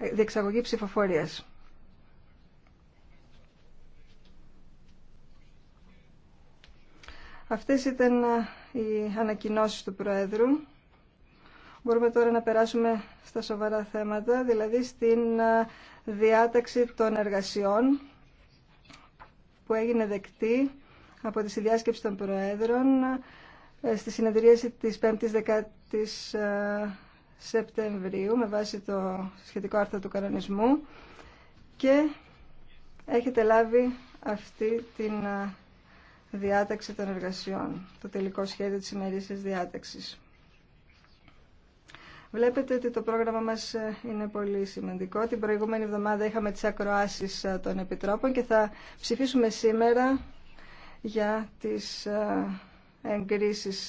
διεξαγωγή ψηφοφορίας. Αυτές ήταν οι ανακοινώσεις του Προέδρου. Μπορούμε τώρα να περάσουμε στα σοβαρά θέματα, δηλαδή στην διάταξη των εργασιών που έγινε δεκτή από τη συνδιάσκεψη των Προέδρων ε, στη συνεδρίαση της 5ης 10 Σεπτεμβρίου με βάση το σχετικό άρθρο του κανονισμού και έχετε λάβει αυτή την διάταξη των εργασιών, το τελικό σχέδιο της ημερήσιας διάταξης. Βλέπετε ότι το πρόγραμμα μας ε, είναι πολύ σημαντικό. Την προηγούμενη εβδομάδα είχαμε τις ακροάσεις ε, των επιτρόπων και θα ψηφίσουμε σήμερα για τις ε, εγκρίσεις